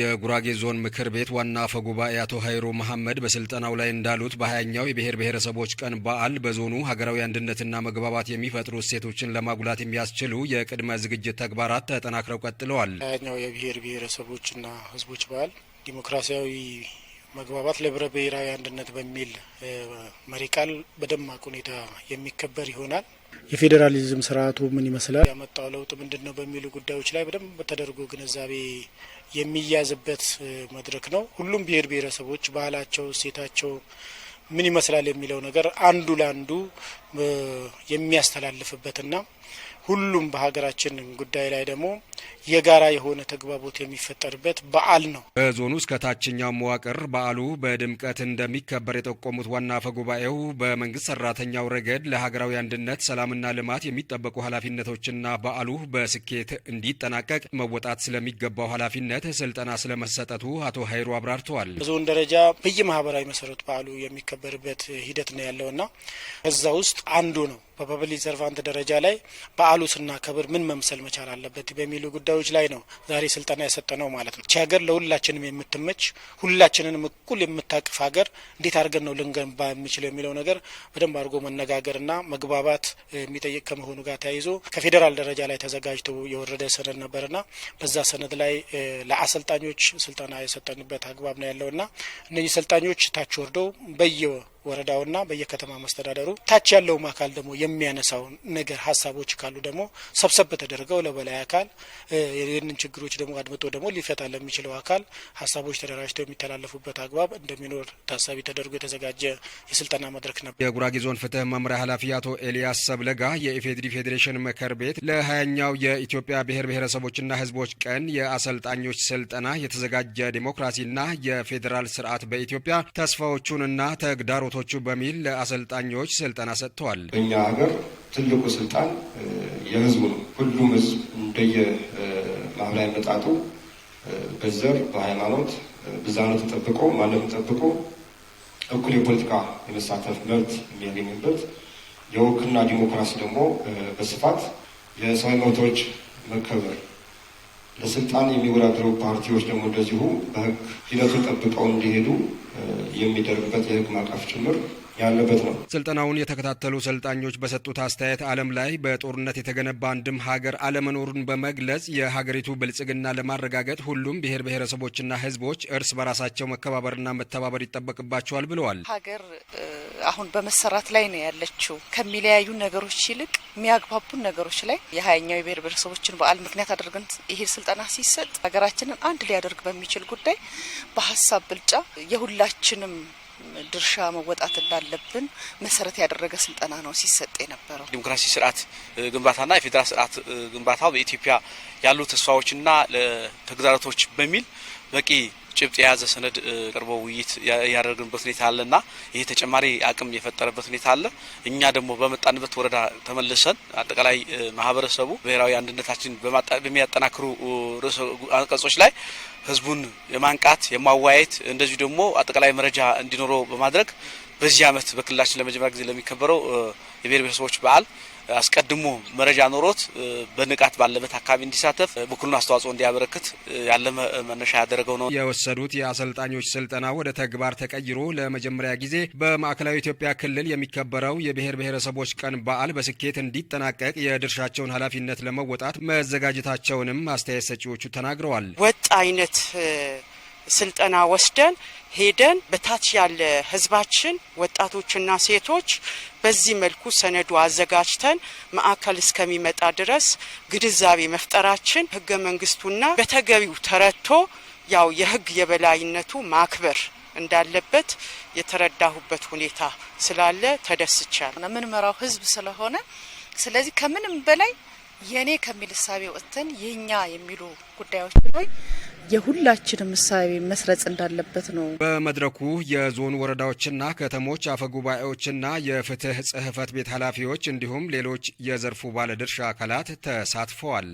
የጉራጌ ዞን ምክር ቤት ዋና አፈ ጉባኤ አቶ ሀይሮ መሐመድ በስልጠናው ላይ እንዳሉት በሀያኛው የብሔር ብሔረሰቦች ቀን በዓል በዞኑ ሀገራዊ አንድነትና መግባባት የሚፈጥሩ እሴቶችን ለማጉላት የሚያስችሉ የቅድመ ዝግጅት ተግባራት ተጠናክረው ቀጥለዋል። ሀያኛው የብሔር ብሔረሰቦችና ሕዝቦች በዓል ዲሞክራሲያዊ መግባባት ለህብረ ብሔራዊ አንድነት በሚል መሪ ቃል በደማቅ ሁኔታ የሚከበር ይሆናል። የፌዴራሊዝም ስርዓቱ ምን ይመስላል፣ ያመጣው ለውጥ ምንድን ነው በሚሉ ጉዳዮች ላይ በደንብ ተደርጎ ግንዛቤ የሚያዝበት መድረክ ነው። ሁሉም ብሔር ብሔረሰቦች ባህላቸው፣ እሴታቸው ምን ይመስላል የሚለው ነገር አንዱ ለአንዱ የሚያስተላልፍበትና ሁሉም በሀገራችን ጉዳይ ላይ ደግሞ የጋራ የሆነ ተግባቦት የሚፈጠርበት በዓል ነው። በዞኑ እስከ ታችኛው መዋቅር በዓሉ በድምቀት እንደሚከበር የጠቆሙት ዋና አፈ ጉባኤው በመንግስት ሰራተኛው ረገድ ለሀገራዊ አንድነት፣ ሰላምና ልማት የሚጠበቁ ኃላፊነቶችና በዓሉ በስኬት እንዲጠናቀቅ መወጣት ስለሚገባው ኃላፊነት ስልጠና ስለመሰጠቱ አቶ ሀይሩ አብራርተዋል። በዞን ደረጃ በየማህበራዊ መሰረቱ በዓሉ የሚከበርበት ሂደት ነው ያለውና ከዛ ውስጥ አንዱ ነው በፐብሊክ ሰርቫንት ደረጃ ላይ በዓሉ ስናከብር ምን መምሰል መቻል አለበት በሚሉ ጉዳዮች ላይ ነው ዛሬ ስልጠና የሰጠ ነው ማለት ነው። ሀገር ለሁላችንም የምትመች ሁላችንንም እኩል የምታቅፍ ሀገር እንዴት አድርገን ነው ልንገንባ የምችለው የሚለው ነገር በደንብ አድርጎ መነጋገርና መግባባት የሚጠይቅ ከመሆኑ ጋር ተያይዞ ከፌዴራል ደረጃ ላይ ተዘጋጅቶ የወረደ ሰነድ ነበርና በዛ ሰነድ ላይ ለአሰልጣኞች ስልጠና የሰጠንበት አግባብ ነው ያለውና እነዚህ ሰልጣኞች ታች ወርደው በየ ወረዳውና በየከተማ መስተዳደሩ ታች ያለውም አካል ደግሞ የሚያነሳው ነገር ሀሳቦች ካሉ ደግሞ ሰብሰብ ተደርገው ለበላይ አካል ይህንን ችግሮች ደግሞ አድምጦ ደግሞ ሊፈታ ለሚችለው አካል ሀሳቦች ተደራጅተው የሚተላለፉበት አግባብ እንደሚኖር ታሳቢ ተደርጎ የተዘጋጀ የስልጠና መድረክ ነበር። የጉራጌ ዞን ፍትህ መምሪያ ኃላፊ አቶ ኤልያስ ሰብለጋ የኢፌድሪ ፌዴሬሽን ምክር ቤት ለሀያኛው የኢትዮጵያ ብሔር ብሔረሰቦችና ህዝቦች ቀን የአሰልጣኞች ስልጠና የተዘጋጀ ዲሞክራሲና የፌዴራል ስርዓት በኢትዮጵያ ተስፋዎቹንና ተግዳሮ ወጣቶቹ በሚል ለአሰልጣኞች ስልጠና ሰጥተዋል። እኛ ሀገር ትልቁ ስልጣን የህዝቡ ነው። ሁሉም ህዝብ እንደየ ማህበራዊ መጣጡ በዘር በሃይማኖት ብዛነ ተጠብቆ ማንነት ተጠብቆ እኩል የፖለቲካ የመሳተፍ መብት የሚያገኝበት የውክልና ዲሞክራሲ ደግሞ በስፋት የሰው መብቶች መከበር ለስልጣን የሚወዳደሩ ፓርቲዎች ደግሞ እንደዚሁ በህግ ሂደቱ ጠብቀው እንዲሄዱ የሚደረግበት የህግ ማቀፍ ጭምር ያለበት ነው። ስልጠናውን የተከታተሉ ሰልጣኞች በሰጡት አስተያየት ዓለም ላይ በጦርነት የተገነባ አንድም ሀገር አለመኖሩን በመግለጽ የሀገሪቱ ብልጽግና ለማረጋገጥ ሁሉም ብሔር ብሔረሰቦችና ሕዝቦች እርስ በራሳቸው መከባበርና መተባበር ይጠበቅባቸዋል ብለዋል። ሀገር አሁን በመሰራት ላይ ነው ያለችው። ከሚለያዩ ነገሮች ይልቅ የሚያግባቡን ነገሮች ላይ የሀያኛው የብሔር ብሔረሰቦችን በዓል ምክንያት አድርገን ይሄ ስልጠና ሲሰጥ ሀገራችንን አንድ ሊያደርግ በሚችል ጉዳይ በሀሳብ ብልጫ የሁላችንም ድርሻ መወጣት እንዳለብን መሰረት ያደረገ ስልጠና ነው ሲሰጥ የነበረው። ዲሞክራሲ ስርዓት ግንባታና የፌዴራል ስርዓት ግንባታው በኢትዮጵያ ያሉ ተስፋዎችና ተግዳሮቶች በሚል በቂ ጭብጥ የያዘ ሰነድ ቀርቦ ውይይት ያደረግንበት ሁኔታ አለና ይሄ ተጨማሪ አቅም የፈጠረበት ሁኔታ አለ። እኛ ደግሞ በመጣንበት ወረዳ ተመልሰን አጠቃላይ ማህበረሰቡ ብሔራዊ አንድነታችን በሚያጠናክሩ ርዕሰ አንቀጾች ላይ ህዝቡን የማንቃት የማዋየት እንደዚሁ ደግሞ አጠቃላይ መረጃ እንዲኖረው በማድረግ በዚህ ዓመት በክልላችን ለመጀመሪያ ጊዜ ለሚከበረው የብሔር ብሔረሰቦች በዓል አስቀድሞ መረጃ ኖሮት በንቃት ባለበት አካባቢ እንዲሳተፍ በኩሉን አስተዋጽኦ እንዲያበረክት ያለ መነሻ ያደረገው ነው። የወሰዱት የአሰልጣኞች ስልጠና ወደ ተግባር ተቀይሮ ለመጀመሪያ ጊዜ በማዕከላዊ ኢትዮጵያ ክልል የሚከበረው የብሔር ብሔረሰቦች ቀን በዓል በስኬት እንዲጠናቀቅ የድርሻቸውን ኃላፊነት ለመወጣት መዘጋጀታቸውንም አስተያየት ሰጪዎቹ ተናግረዋል። ወጥ አይነት ስልጠና ወስደን ሄደን በታች ያለ ህዝባችን ወጣቶችና ሴቶች በዚህ መልኩ ሰነዱ አዘጋጅተን ማዕከል እስከሚመጣ ድረስ ግንዛቤ መፍጠራችን ህገ መንግስቱና በተገቢው ተረድቶ ያው የህግ የበላይነቱ ማክበር እንዳለበት የተረዳሁበት ሁኔታ ስላለ ተደስቻል። ምንመራው ህዝብ ስለሆነ ስለዚህ ከምንም በላይ የኔ ከሚል እሳቤ ወጥተን የኛ የሚሉ ጉዳዮች ላይ የሁላችንም ምሳሌ መስረጽ እንዳለበት ነው። በመድረኩ የዞን ወረዳዎችና ከተሞች አፈጉባኤዎችና የፍትህ ጽህፈት ቤት ኃላፊዎች እንዲሁም ሌሎች የዘርፉ ባለድርሻ አካላት ተሳትፈዋል።